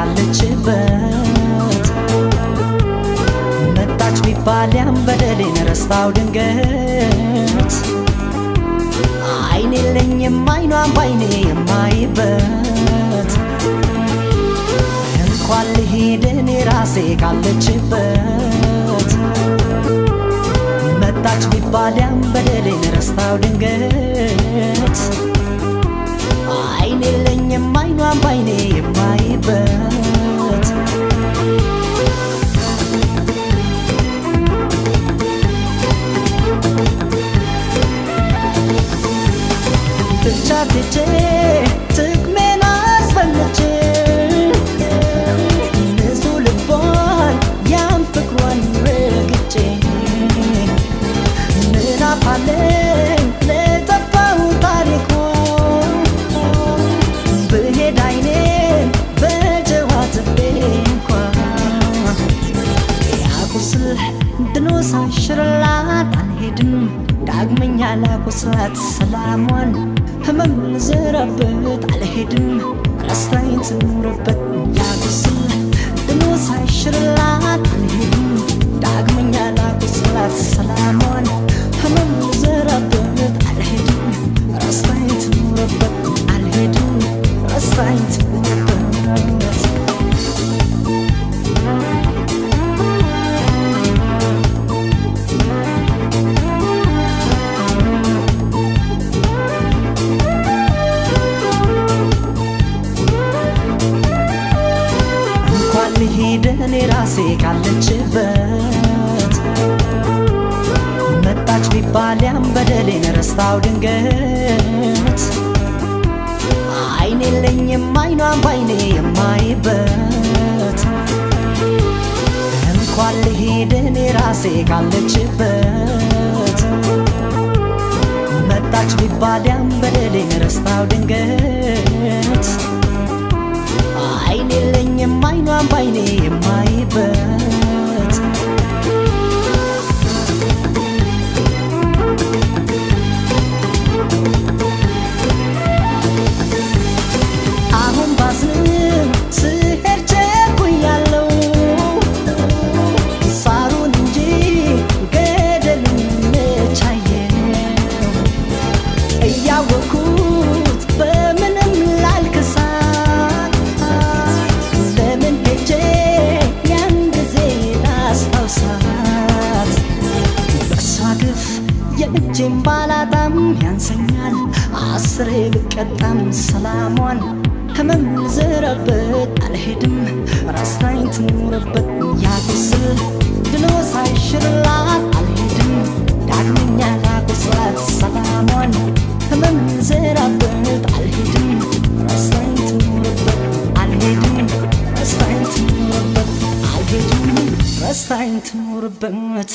ካለችበት መጣች ሚባልያም ያም በደሌን ረስታው ድንገት አይን የለኝም አይኗን ባይኔ የማይበት እንኳን ልሄድ እኔ ራሴ ካለችበት መጣች ሚባልያም ያም በደሌን ረስታው ድንገት አይኔ የለኝም አይኗን ባይኔ የማ ያለሁበት ተቻትቼ ጥቅሜን አስፈልቼ ንጹ ልቧን ያን ፍቅሯን ረግጬ ምን I'm hidden, restrained and ባሊያም በደሌን ረስታው ድንገት አይኔ የለኝም አይኗን ባይኔ የማይበት እንኳን ልሄድ እኔ ራሴ ካለችበት መጣች ቢባሊያም በደሌን ረስታው ድንገት አይኔ የለኝም አይኗን ባይኔ የማይበት የእጄን ባላጣም ያንሰኛል አስሬ ልቀጣም ሰላሟን ህመም አልሄድም ራስታኝ ትኑርበት ያቁስል ድሎ ሳይሽርላት አልሄድም ዳግመኛ ላቁስላት ሰላሟን ህመም አልሄድም ራስታኝ ትኑርበት አልሄድም ራስታኝ ትኑርበት አልሄድም ራስታኝ ትኑርበት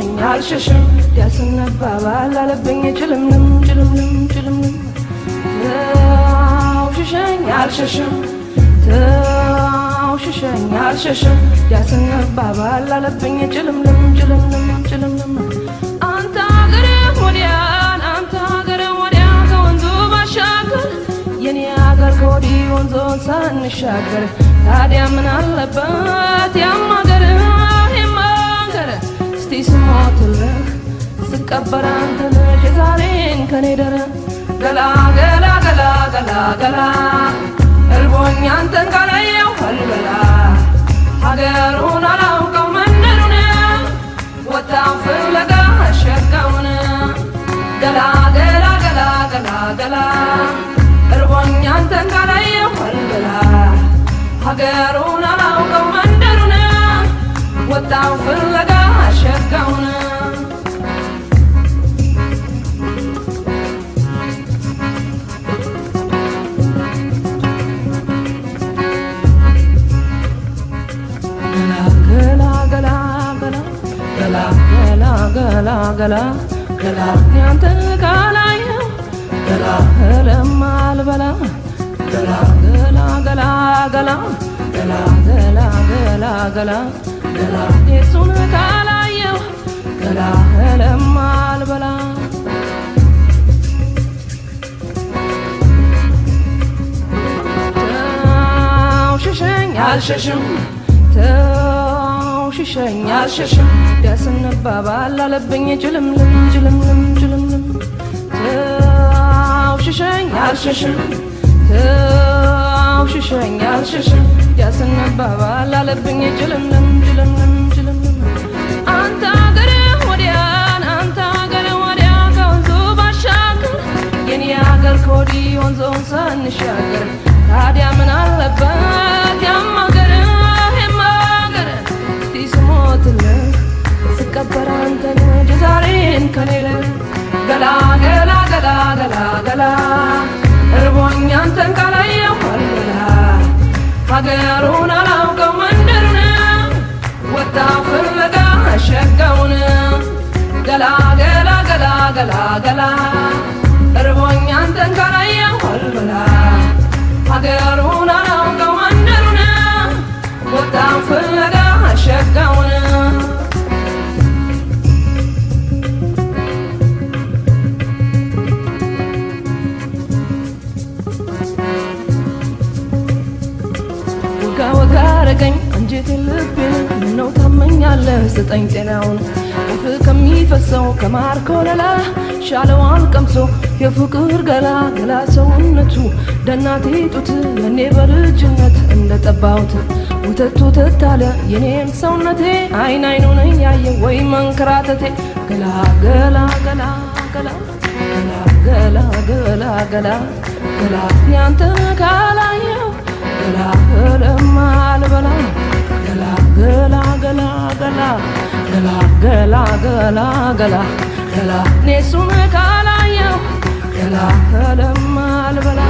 ሸሸኝ አልሸሽም ያስነባባል አለብኝ ጭልምልም ጭልምልም ጭልምልም ተው አልሸሽም ተው አልሸሽም ያስነባባል አለብኝ ጭልምልም ጭልምልም ጭልምልም አንተ አገሬ ወዲያን አንተ አገሬ ወዲያ ከወንዙ ባሻገር የኔ አገር ከወዲህ ወንዞን ሳንሻገር ታዲያ ምን አለበት ያማ ስሞትልህ ስቀበር አንተ ነሽ የዛሬን ከኔ ደረ ገላ ገላ ገላ ገላ ገላ አንተን ካላየው አልበላ ሀገሩን አላውቀው መንደሩን ወጣው ፍለጋ ሸጋውን ገላ ገላ ገላ ገላ ገላ አንተን ካላየው አልበላ ሀገሩን አላውቀው መንደሩን ወጣው ፍለጋ አሸጋውነ ገላ ገላ ገላ ያንተን ካላየው ገላ እልም አልበላ ገላ ገላ ገላ ገላ ገላ ገላ ገላ ገላ ገላ የሱን ካላ ጥላህንም አልበላ ተውሽሸኝ አልሸሽም ተውሽሸኝ አልሸሽም ደስ እንባባል አለብኝ ጅልምልም ጅልምልም ጅልምልም ተውሽሸኝ አልሸሽም ተውሽሸኝ አልሸሽም ደስ እንባባል አለብኝ ጅልምልም ጅልምልም ወንዞን ሳንሻገር ታዲያ ምን አለበት ያም አገር እስቲ ስሞትልህ ስቀበር አንተን ዛሬን ከኔለ ገላ ገላ ገላ ገላ ገላ እርቦኛ አንተን ካላየሁ አልበላ ሀገሩን አላውቀው መንደሩን ወጣ ፍለጋ ሸጋውን ገላ ገላ ገላ ገላ ገላ ትሆናለህ ስጠኝ ጤናውን ከፍ ከሚፈሰው ከማር ከወለላ ሻለዋን ቀምሶ የፍቅር ገላ ገላ ሰውነቱ ደናቴ ጡት የኔ በልጅነት እንደ ጠባውት ውተቱ ተታለ የኔም ሰውነቴ አይን አይኑን ያየ ወይ መንከራተቴ ገላ ገላ ገላ ገላ ገላ ገላ ገላ ገላ ያንተ ካላየው ገላ ለማልበላ ገላ ገላ ገላ ገላ ገላ ገላ ገላ ካላየው ገላ እልም አልበላ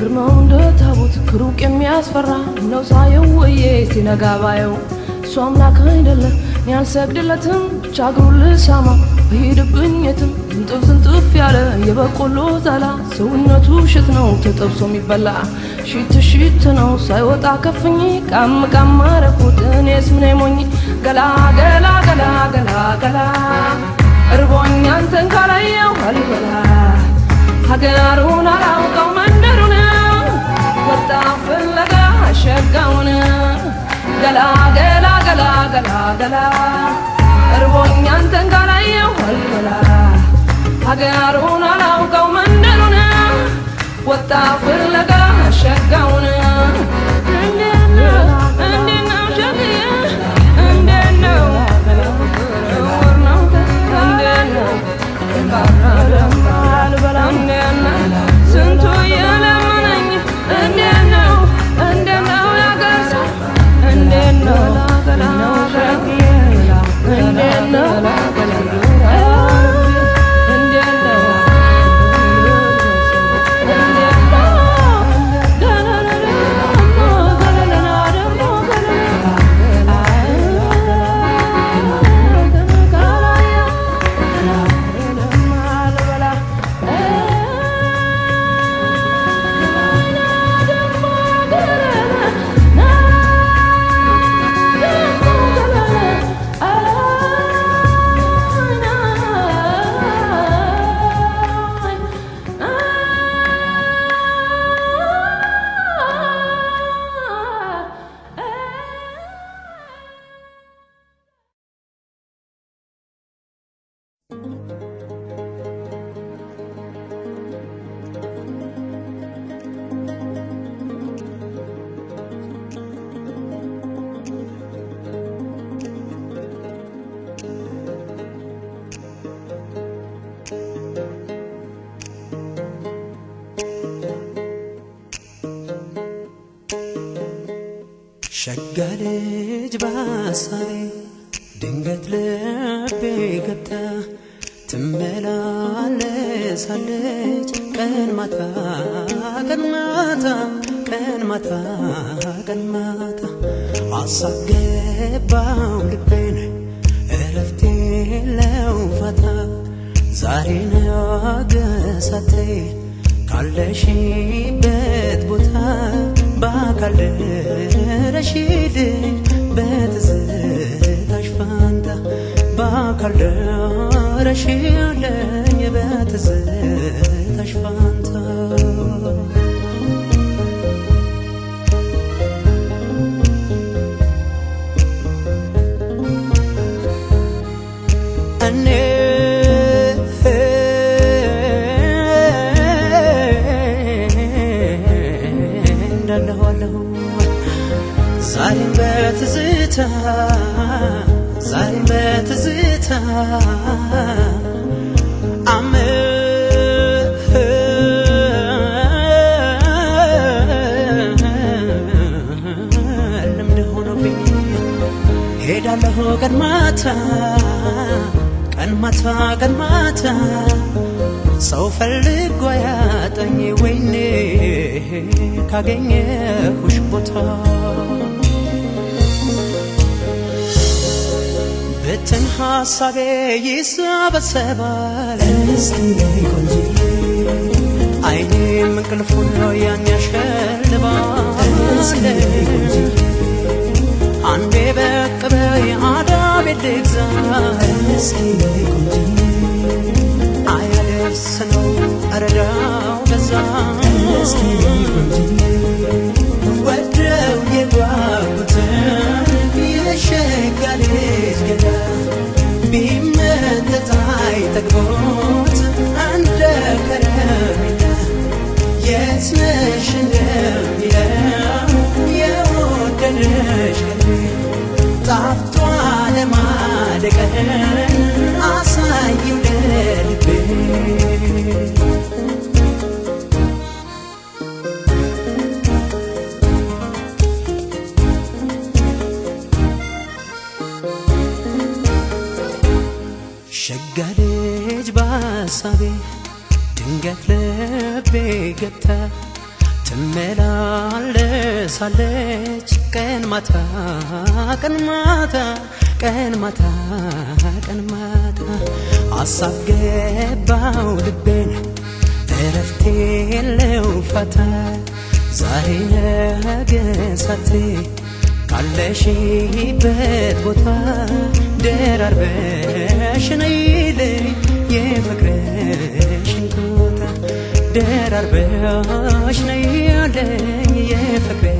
ግርማው እንደ ታቦት ክሩቅ የሚያስፈራ ነው ሳየው ወዬ ሲነጋባየው ባየው እሱ አምላክ አይደለ እኔ አልሰግድለትም ብቻ እግሩን ልሳማ በሄደብኝ የትም እንጥፍ ስንጥፍ ያለ የበቆሎ ዛላ ሰውነቱ ሽት ነው ተጠብሶ የሚበላ ሽት ሽት ነው ሳይወጣ ከፍኝ ቃም ቃም አረኩት እኔስ ምን ሞኝ ገላ ገላ ገላ ገላ ገላ እርቦኛ አንተን ካላየው አልበላ ሀገሩን አላውቀው መንደሩን ወጣ ፍለጋ ሸጋውን ገላ ገላ ገላ ገላ ገላ እርቦኛ አንተን ካላየሁ አልበላ ሀገሩን አላውቀው መንደሩን ወጣ ፍለጋ ሸጋውን ሸጋ ልጅ ባሳይ ድንገት ልቤ ገብታ ትመላለሳለች ቀን ማታ ቀን ማታ ቀን ማታ ቀን ማታ አሳገባው ልቤን እረፍቴ ለውፋታ ዛሬ ነገ ሳታይ ካለሽበት ቦታ በአካል ደረሽል በትዝታሽ ፋንታ በአካል ደረሽልኝ በትዝ ዛሬም በትዝታ ዛሬም በትዝታ ሄዳለሁ ቀን ማታ ቀን ማታ ቀን ማታ ሰው ፈልጎ ያጠኝ ወይኔ ካገኘሁሽ ቦታ ሀሳቤ ይሰበሰባል አይኔም እንቅልፍ ሁሉ ያን ያሸልባል አንዴ በቅ በይ አዳቤ ልግዛ አያደርስ ነው እረዳው ገዛ ወደው የጓ ታርቀን አሳይው ልጅ በሐሳቤ ድንገት ልቤ ገብታ ትመላለሳለች ቀን ማታ ቀን ማታ ቀን ማታ ቀን ማታ አሳብ ገባው ልቤን እረፍቴ የለው ፋታ ዛሬ ነገ ሳትይ ካለሽበት ቦታ ደራርበሽ ነይልኝ የፍቅርሽን ቦታ ደራርበሽ ነይልኝ የፍቅር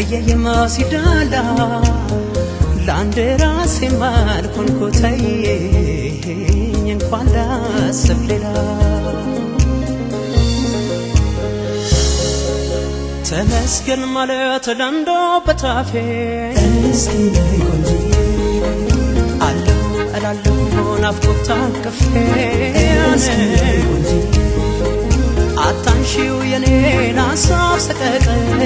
እየየማ ሲዳላ ለአንድ ራሴ ማልኮንኮተይኝ እንኳን ላስብ ሌላ ተመስገን ማለት ለምዶ በታፌ አለሁ እላለሁ ናፍቆታ ከፌ አንሺው የኔን ሀሳብ ሰቀቀን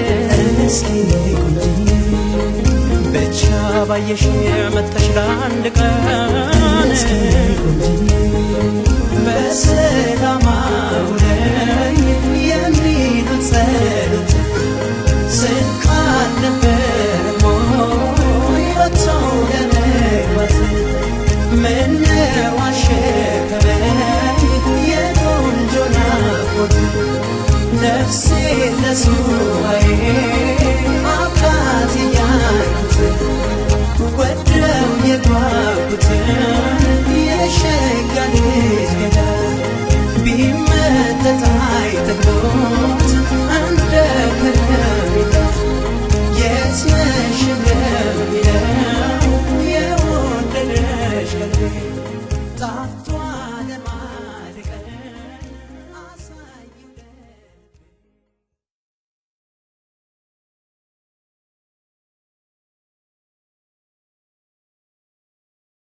ብቻ ባየሽ ለአንድ ቀን opportunity.